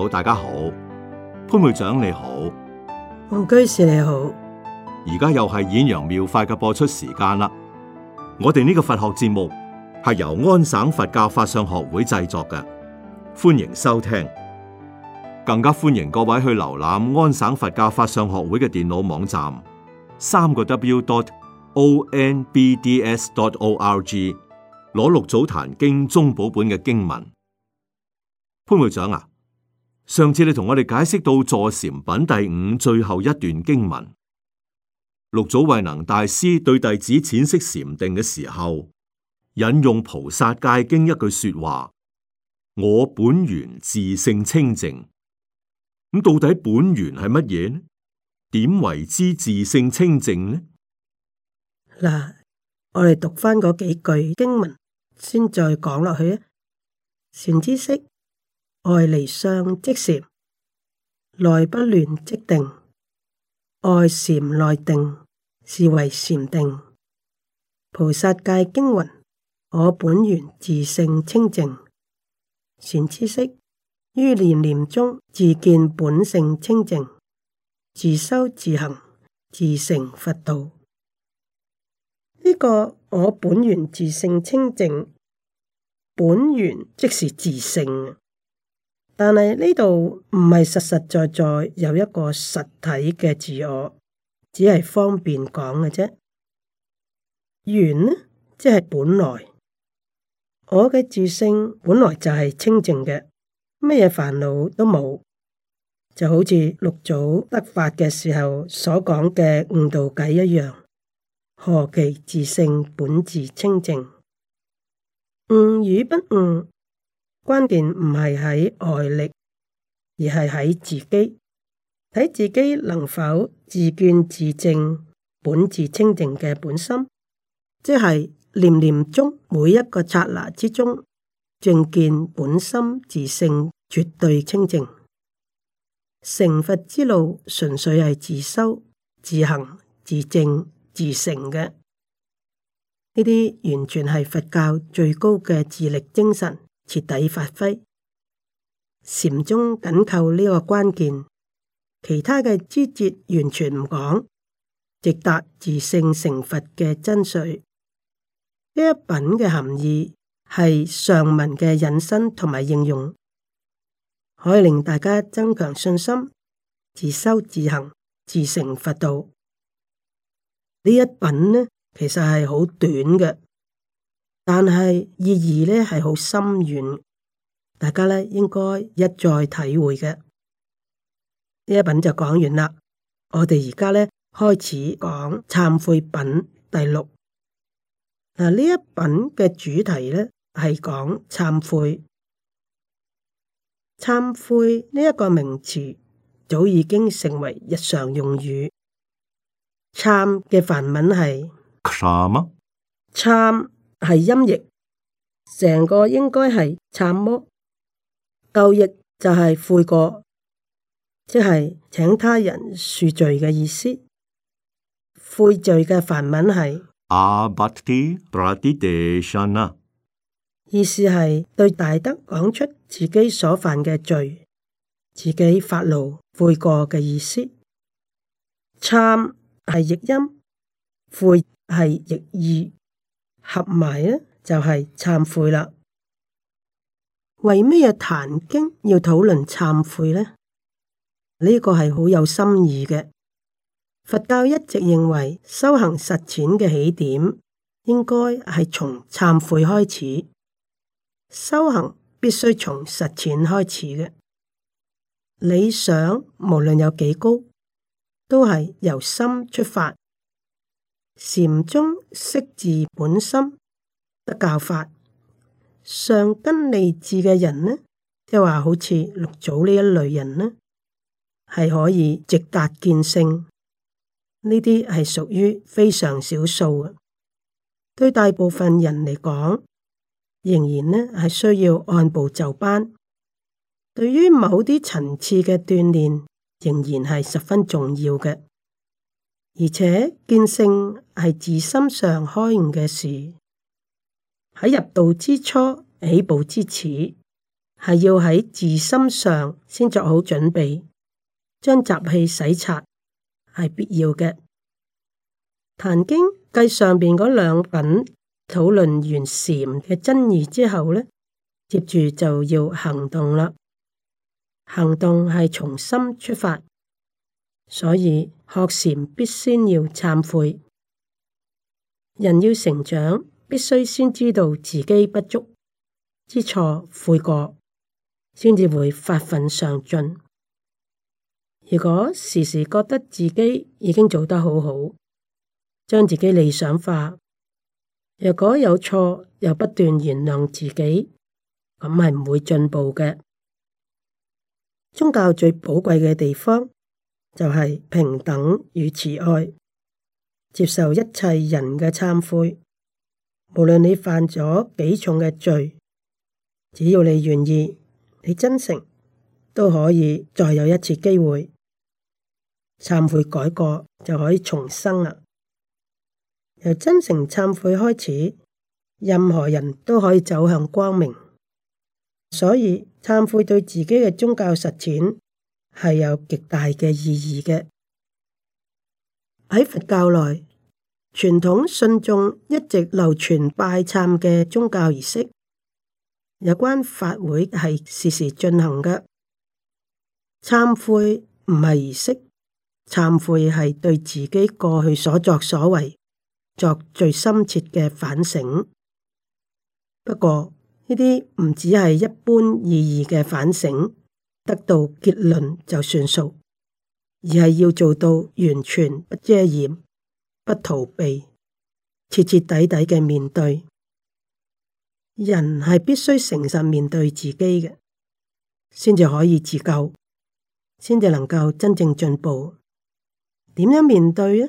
好，大家好，潘會長你好，黃居士你好，而家又係《演揚妙法》嘅播出時間啦。我哋呢個佛學節目係由安省佛教法相學會製作嘅，歡迎收聽，更加歡迎各位去瀏覽安省佛教法相學會嘅電腦網站，三個 w dot o n b d s dot o r g，攞六祖壇經中寶本嘅經文，潘會長啊。上次你同我哋解釋到《坐禪品》第五最後一段經文，六祖慧能大師對弟子淺釋禪定嘅時候，引用《菩薩戒經》一句說話，我本源自性清淨。咁、嗯、到底本源係乜嘢呢？點為之自性清淨呢？嗱，我哋讀翻嗰幾句經文先，再講落去啊！善知識。外離相即禪，內不亂即定。外禪內定是為禪定。菩薩戒經云：我本源自性清淨，善知識於念念中自見本性清淨，自修自行自成佛道。呢、這個我本源自性清淨，本源即是自性。但係呢度唔係實實在在有一個實體嘅自我，只係方便講嘅啫。原呢，即係本來我嘅自性，本來就係清淨嘅，咩嘢煩惱都冇，就好似六祖得法嘅時候所講嘅悟道偈一樣，何其自性本自清淨，悟、嗯、與不悟、嗯。關鍵唔係喺外力，而係喺自己，睇自己能否自見自正本自清淨嘅本心，即係念念中每一個剎那之中，正見本心自性絕對清淨。成佛之路純粹係自修、自行、自正、自成嘅，呢啲完全係佛教最高嘅自力精神。徹底發揮，禪宗緊扣呢個關鍵，其他嘅枝節完全唔講，直達自性成佛嘅真髓。呢一品嘅含義係上文嘅引申同埋應用，可以令大家增強信心，自修自行，自成佛道。呢一品呢，其實係好短嘅。但係意義咧，係好深遠，大家咧應該一再體會嘅。呢一品就講完啦，我哋而家咧開始講懺悔品第六。嗱、啊，呢一品嘅主題咧係講懺悔，懺悔呢一個名詞早已經成為日常用語。懺嘅梵文係，懺嗎？懺。係音譯，成個應該係懺摩。舊譯就係悔過，即係請他人恕罪嘅意思。悔罪嘅梵文係阿、啊、巴提 prati-deśana，意思係對大德講出自己所犯嘅罪，自己發怒悔過嘅意思。懺係譯音，悔係譯意。合埋呢，就係懺悔啦。為咩啊談經要討論懺悔呢？呢、呢個係好有心意嘅。佛教一直認為修行實踐嘅起點應該係從懺悔開始，修行必須從實踐開始嘅。理想無論有幾高，都係由心出發。禪宗識自本心得教法，上根利智嘅人呢，即係話好似六祖呢一類人呢，係可以直達見性。呢啲係屬於非常少數嘅，對大部分人嚟講，仍然呢係需要按部就班。對於某啲層次嘅鍛煉，仍然係十分重要嘅。而且見性係自心上開悟嘅事，喺入道之初、起步之始，係要喺自心上先作好準備，將習氣洗刷係必要嘅。《壇經》繼上邊嗰兩品討論完禪嘅真義之後咧，接住就要行動啦。行動係從心出發。所以學禪必先要懺悔，人要成長，必須先知道自己不足，知錯悔過，先至會發奮上進。如果時時覺得自己已經做得好好，將自己理想化，若果有錯又不斷原諒自己，咁係唔會進步嘅。宗教最寶貴嘅地方，就係平等與慈愛，接受一切人嘅懺悔，無論你犯咗幾重嘅罪，只要你願意，你真誠都可以再有一次機會懺悔改過，就可以重生啦。由真誠懺悔開始，任何人都可以走向光明。所以懺悔對自己嘅宗教實踐。係有極大嘅意義嘅。喺佛教內，傳統信眾一直流傳拜懺嘅宗教儀式，有關法會係時時進行嘅。懺悔唔係儀式，懺悔係對自己過去所作所為作最深切嘅反省。不過，呢啲唔只係一般意義嘅反省。得到結論就算數，而係要做到完全不遮掩、不逃避、徹徹底底嘅面對。人係必須誠實面對自己嘅，先至可以自救，先至能夠真正進步。點樣面對呢？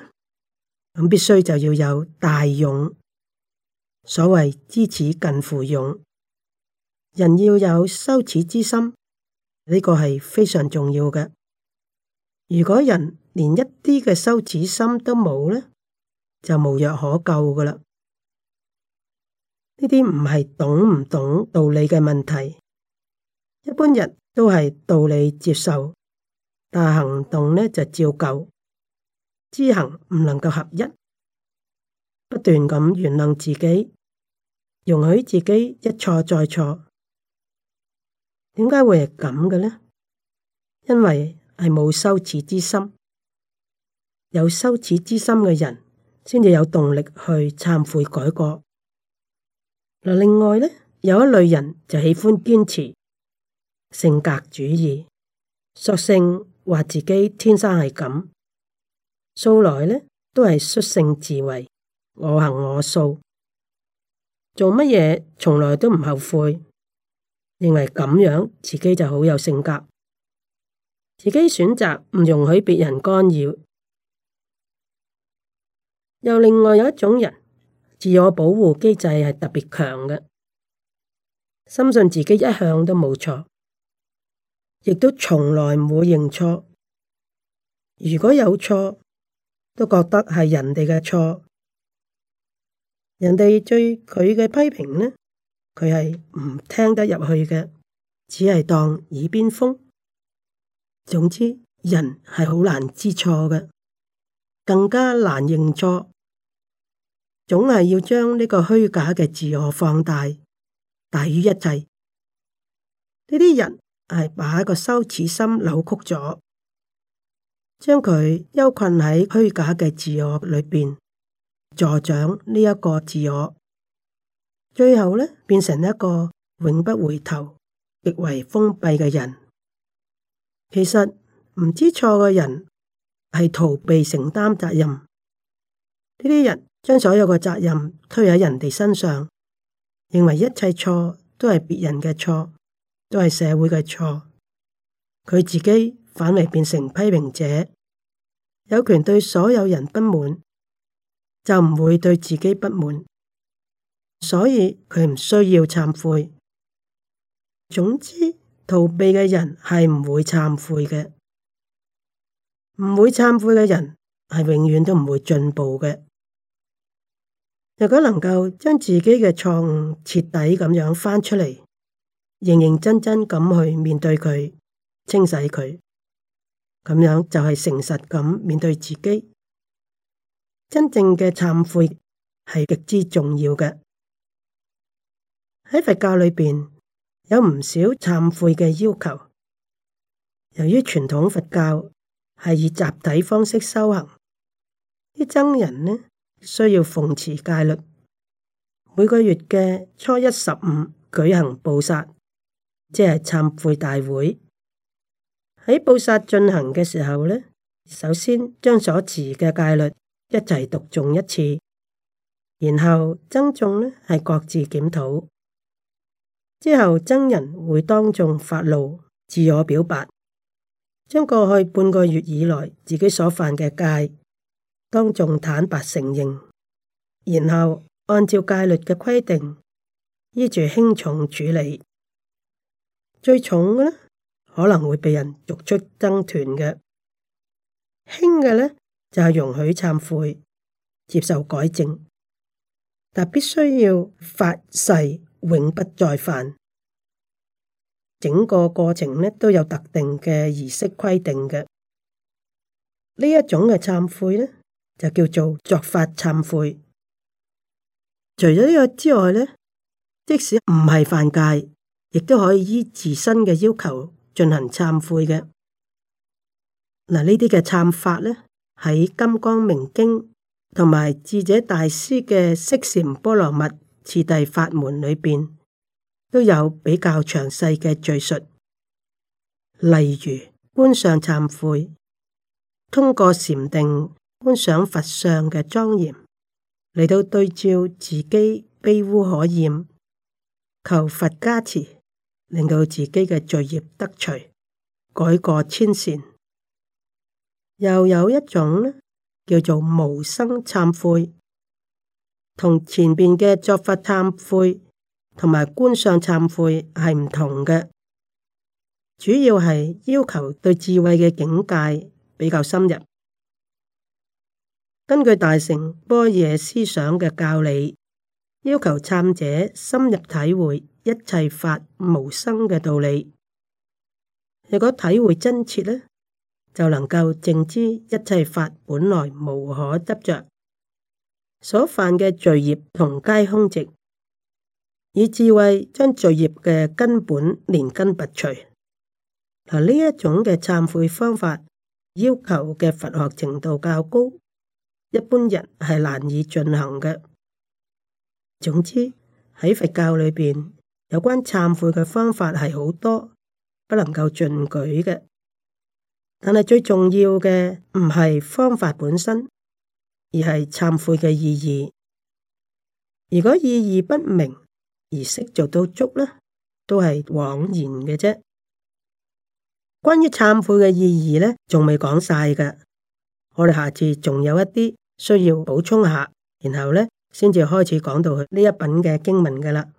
咁必須就要有大勇。所謂知恥近乎勇，人要有羞恥之心。呢個係非常重要嘅。如果人連一啲嘅羞恥心都冇呢，就無藥可救㗎喇。呢啲唔係懂唔懂道理嘅問題，一般人都係道理接受，但行動呢就照舊，知行唔能夠合一，不斷咁原諒自己，容許自己一錯再錯。點解會係咁嘅呢？因為係冇羞恥之心，有羞恥之心嘅人先至有動力去懺悔改過。嗱，另外呢，有一類人就喜歡堅持，性格主義，索性話自己天生係咁，素來呢都係率性自為，我行我素，做乜嘢從來都唔後悔。認為咁樣自己就好有性格，自己選擇唔容許別人干擾，又另外有一種人，自我保護機制係特別強嘅，深信自己一向都冇錯，亦都從來唔會認錯，如果有錯都覺得係人哋嘅錯，人哋對佢嘅批評呢，佢係唔聽得入去嘅，只係當耳邊風。總之，人係好難知錯嘅，更加難認錯。總係要將呢個虛假嘅自我放大，大於一切。呢啲人係把個羞恥心扭曲咗，將佢囚困喺虛假嘅自我裏邊，助長呢一個自我。最後呢，變成一個永不回頭、極為封閉嘅人。其實唔知錯嘅人係逃避承擔責任，呢啲人將所有嘅責任推喺人哋身上，認為一切錯都係別人嘅錯，都係社會嘅錯。佢自己反而變成批評者，有權對所有人不滿，就唔會對自己不滿。所以佢唔需要懺悔。總之，逃避嘅人係唔會懺悔嘅，唔會懺悔嘅人係永遠都唔會進步嘅。如果能夠將自己嘅錯誤徹底咁樣翻出嚟，認認真真咁去面對佢，清洗佢，咁樣就係誠實咁面對自己。真正嘅懺悔係極之重要嘅。喺佛教裏邊有唔少懺悔嘅要求。由於傳統佛教係以集體方式修行，啲僧人呢需要奉持戒律。每個月嘅初一、十五舉行布薩，即係懺悔大會。喺布薩進行嘅時候呢，首先將所持嘅戒律一齊讀誦一次，然後僧眾呢係各自檢討。之後僧人會當眾發怒，自我表白，將過去半個月以來自己所犯嘅戒當眾坦白承認，然後按照戒律嘅規定依住輕重處理。最重嘅呢可能會被人逐出僧團嘅；輕嘅呢就係容許懺悔，接受改正，但必須要發誓。永不再犯，整個過程咧都有特定嘅儀式規定嘅。呢一種嘅懺悔呢就叫做作法懺悔。除咗呢個之外呢，即使唔係犯戒，亦都可以依自身嘅要求進行懺悔嘅。嗱，呢啲嘅懺法呢喺《金剛明經》同埋智者大師嘅《釋禪波羅蜜》次第法門裏邊都有比較詳細嘅敘述，例如觀想懺悔，通過禪定觀想佛像嘅莊嚴，嚟到對照自己卑污可厭，求佛加持，令到自己嘅罪孽得除，改過遷善。又有一種呢，叫做無生懺悔。同前邊嘅作法懺悔同埋觀相懺悔係唔同嘅，主要係要求對智慧嘅境界比較深入。根據大乘般若思想嘅教理，要求懺者深入體會一切法無生嘅道理。如果體會真切，呢就能夠證知一切法本來無可執着。所犯嘅罪孽，同皆空寂，以智慧將罪孽嘅根本連根拔除。嗱，呢一種嘅懺悔方法要求嘅佛學程度較高，一般人係難以進行嘅。總之喺佛教裏邊有關懺悔嘅方法係好多，不能夠盡舉嘅。但係最重要嘅唔係方法本身。而係懺悔嘅意義，如果意義不明而識做到足咧，都係枉然嘅啫。關於懺悔嘅意義咧，仲未講晒噶，我哋下次仲有一啲需要補充下，然後咧先至開始講到去呢一品嘅經文噶啦。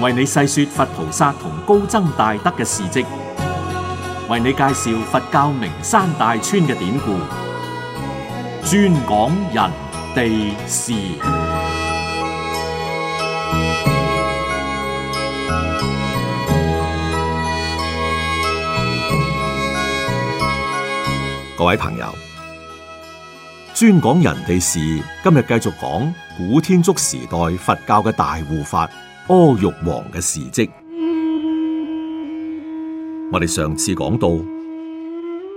為你細說佛菩薩同高僧大德嘅事蹟，為你介紹佛教名山大川嘅典故，專講人地事。各位朋友，專講人地事，今日繼續講古天竺時代佛教嘅大護法。阿育王嘅事迹，我哋上次講到，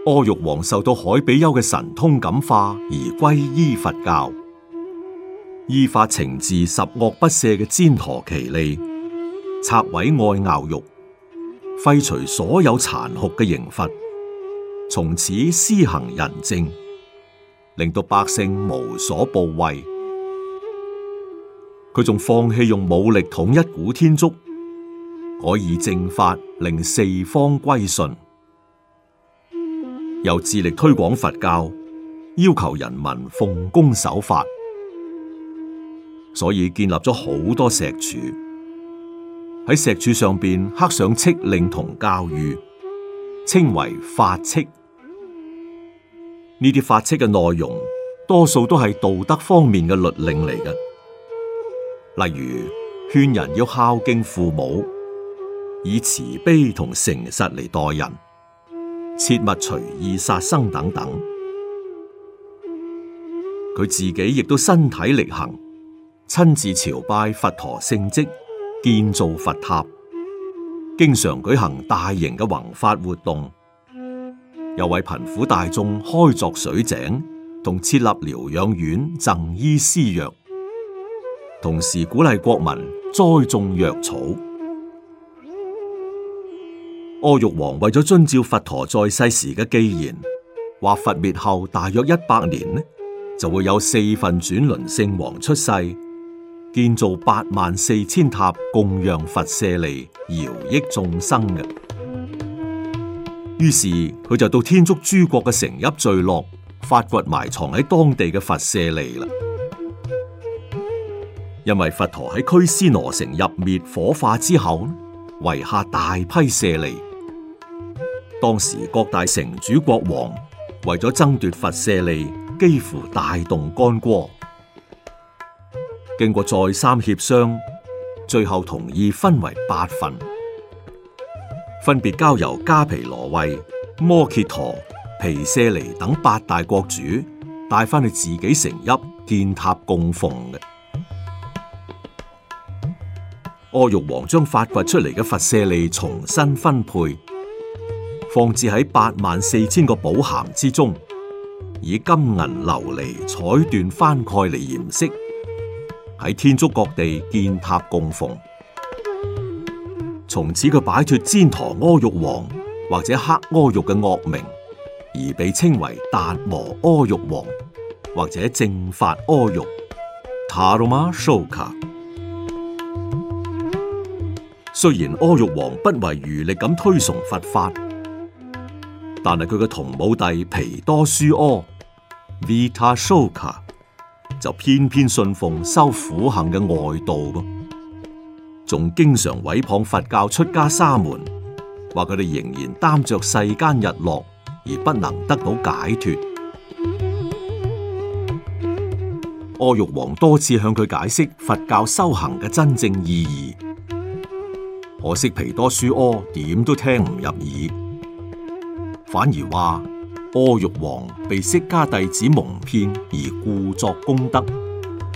阿育王受到海比丘嘅神通感化而皈依佛教，依法懲治十惡不赦嘅旃陀耆利，拆毀愛傲獄，廢除所有殘酷嘅刑罰，從此施行仁政，令到百姓無所怖畏。佢仲放棄用武力統一古天竺，改以正法令四方歸順，又致力推廣佛教，要求人民奉公守法，所以建立咗好多石柱。喺石柱上邊刻上敕令同教諭，稱為法敕」。呢啲法敕」嘅內容，多數都係道德方面嘅律令嚟嘅。例如勸人要孝敬父母，以慈悲同誠實嚟待人，切勿隨意殺生等等。佢自己亦都身體力行，親自朝拜佛陀聖跡，建造佛塔，經常舉行大型嘅弘法活動，又為貧苦大眾開鑿水井同設立療養院，贈醫施藥。同時鼓勵國民栽種藥草。阿育王為咗遵照佛陀在世時嘅機言，話佛滅後大約一百年呢，就會有四份轉輪聖王出世，建造八萬四千塔供養佛舍利，饒益眾生嘅。於是佢就到天竺諸國嘅城邑聚落，發掘埋藏喺當地嘅佛舍利啦。因為佛陀喺拘尸羅城入滅火化之後，遺下大批舍利。當時各大城主國王為咗爭奪佛舍利，幾乎大動干戈。經過再三協商，最後同意分為八份，分別交由迦毗羅衛、摩揭陀、毗舍離等八大國主帶翻去自己城邑建塔供奉嘅。阿育王將發掘出嚟嘅佛舍利重新分配，放置喺八萬四千個寶函之中，以金銀琉璃彩緞翻蓋嚟掩飾，喺天竺各地建塔供奉。從此佢擺脫旃陀阿育王或者黑阿育嘅惡名，而被稱為達摩阿育王或者正法阿育。塔羅瑪蘇卡雖然阿育王不遺餘力，咁推崇佛法，但係佢嘅同母弟皮多蘇柯 Vitashoka 就偏偏信奉修苦行嘅外道，仲經常毀謗佛教出家沙門，話佢哋仍然擔着世間日落而不能得到解脱。阿育王多次向佢解釋佛教修行嘅真正意義。可惜皮多書柯點都聽唔入耳，反而話柯玉皇被釋迦弟子蒙騙而故作功德。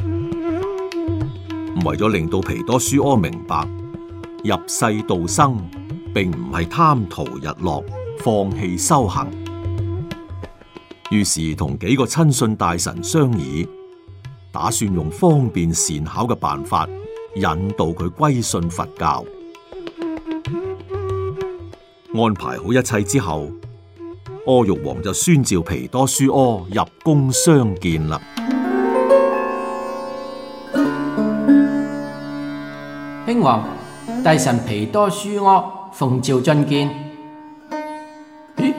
嗯、為咗令到皮多書柯明白入世道生，並唔係貪圖日落放棄修行，於是同幾個親信大臣商議，打算用方便善巧嘅辦法引導佢歸信佛教。安排好一切之後，柯玉王就宣召皮多書柯入宮相見啦。興王，大臣皮多書柯奉召覲見。咦，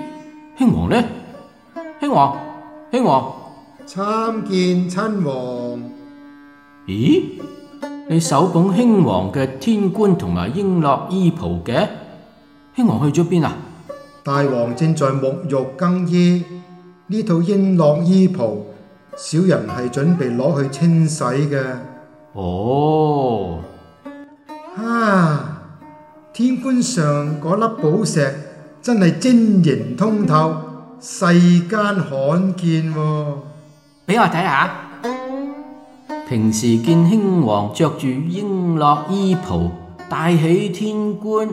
興王呢？興王，興王，參見親王。咦，你手捧興王嘅天冠同埋瓔珞衣袍嘅？慶王去咗邊啊？大王正在沐浴更衣，呢套瓔珞衣袍，小人係準備攞去清洗嘅。哦，哈、啊！天冠上嗰粒寶石真係晶瑩通透，世間罕見，啊。俾我睇下。平時見慶着着慶王着住瓔珞衣袍，戴起天冠。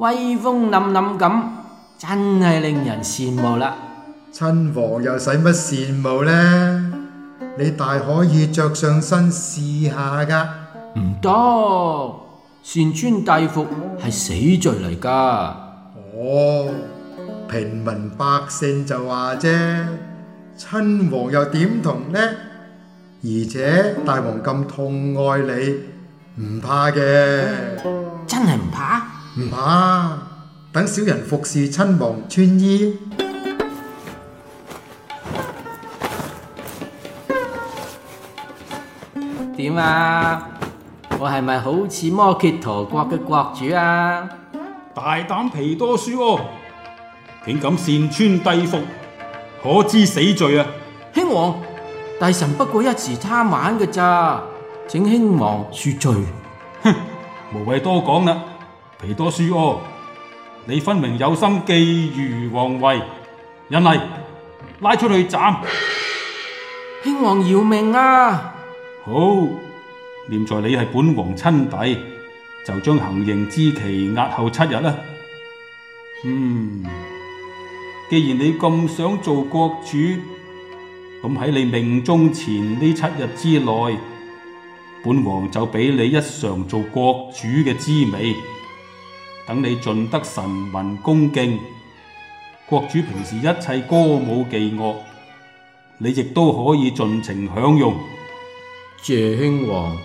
威風凜凜咁，真係令人羨慕啦！親王又使乜羨慕咧？你大可以着上身試下噶。唔得，擅穿帝服係死罪嚟噶。哦，平民百姓就話啫，親王又點同呢？而且大王咁痛愛你，唔怕嘅。真係唔怕。唔怕、啊，等小人服侍親王穿衣。點啊？我係咪好似摩羯陀國嘅國主啊？大膽皮多書哦！竟敢擅穿帝服，可知死罪啊！親王，大臣不過一時貪玩㗎咋，請親王恕罪。哼，無謂多講啦。皮多書哦，你分明有心覬覦皇位，人嚟拉出去斬！兄王饒命啊！好，念在你係本王親弟，就將行刑之期押後七日啦。嗯，既然你咁想做國主，咁喺你命終前呢七日之內，本王就俾你一嘗做國主嘅滋味。等你盡得臣民恭敬，國主平時一切歌舞伎樂，你亦都可以盡情享用。謝興華，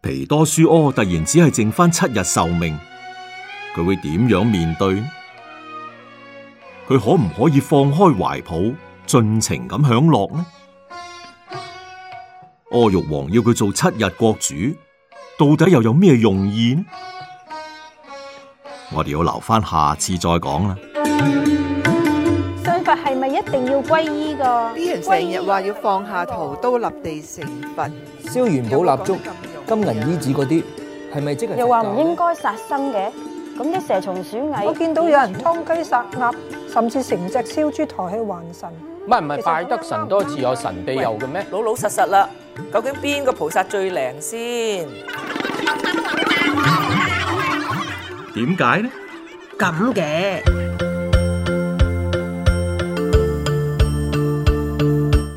皮多書柯突然只係剩翻七日壽命，佢會點樣面對？佢可唔可以放開懷抱，盡情咁享樂呢？阿玉、哦、王要佢做七日國主，到底又有咩用意呢？我哋要留翻下，下次再講啦。信佛係咪一定要皈依噶？啲人成日話要放下屠刀立地成佛，燒元寶、蠟燭、金銀衣紙嗰啲，係咪、嗯、即係？又話唔應該殺生嘅，咁啲蛇蟲鼠蟻，我見到有人劏雞殺鴨，甚至成隻燒豬抬去還神。唔係唔係，拜得神多自有神庇佑嘅咩？老老實實啦。究竟邊個菩薩最靈先？點解呢？咁嘅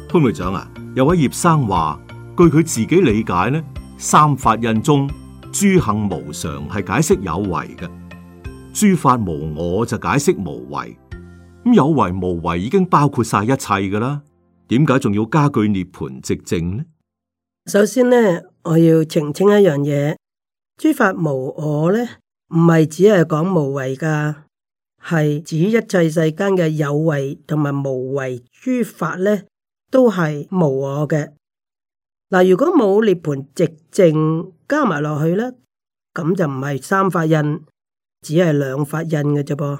潘隊長啊，有位葉生話，據佢自己理解呢，三法印中，諸行無常係解釋有為嘅，諸法無我就解釋無為，咁有為無為已經包括晒一切噶啦，點解仲要加句涅槃寂靜呢？首先呢，我要澄清一樣嘢：諸法無我咧，唔係只係講無為噶，係指一切世間嘅有為同埋無為諸法咧，都係無我嘅。嗱，如果冇涅盤直證加埋落去咧，咁就唔係三法印，只係兩法印嘅啫噃。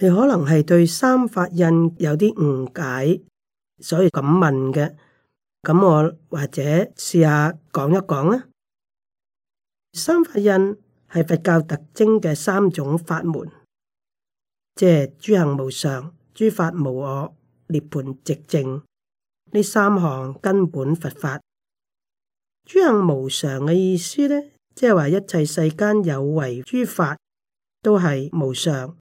你可能係對三法印有啲誤解，所以咁問嘅。咁我或者試下講一講啊！三法印係佛教特徵嘅三種法門，即係諸行無常、諸法無我、涅槃寂靜。呢三項根本佛法。諸行無常嘅意思咧，即係話一切世間有為諸法都係無常，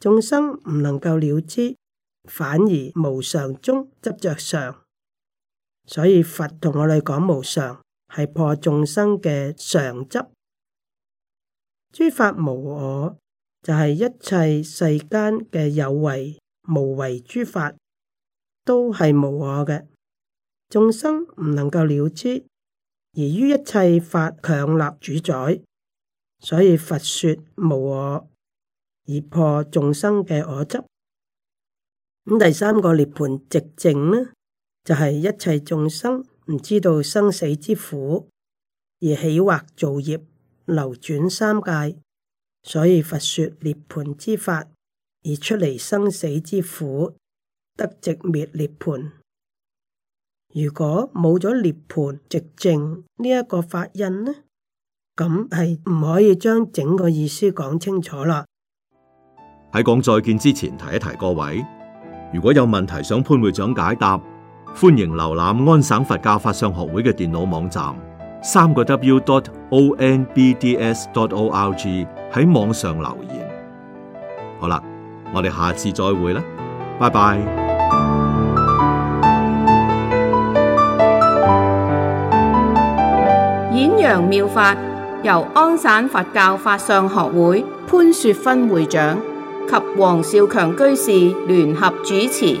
眾生唔能夠了知，反而無常中執着常。所以佛同我哋講無常，係破眾生嘅常執；諸法無我，就係、是、一切世間嘅有為、無為諸法都係無我嘅。眾生唔能夠了知，而於一切法強立主宰，所以佛說無我，而破眾生嘅我執。咁第三個涅槃寂靜呢？就係一切眾生唔知道生死之苦，而起惑造業，流轉三界，所以佛說涅槃之法，而出嚟生死之苦，得寂滅涅槃。如果冇咗涅槃寂靜呢一個法印呢，咁係唔可以將整個意思講清楚啦。喺講再見之前提一提各位，如果有問題想潘會長解答，歡迎瀏覽安省佛教法相學會嘅電腦網站，三個 w.dot.o.n.b.d.s.dot.o.r.g 喺網上留言。好啦，我哋下次再會啦，拜拜。演揚妙法由安省佛教法相學會潘雪芬會長及黃少強居士聯合主持。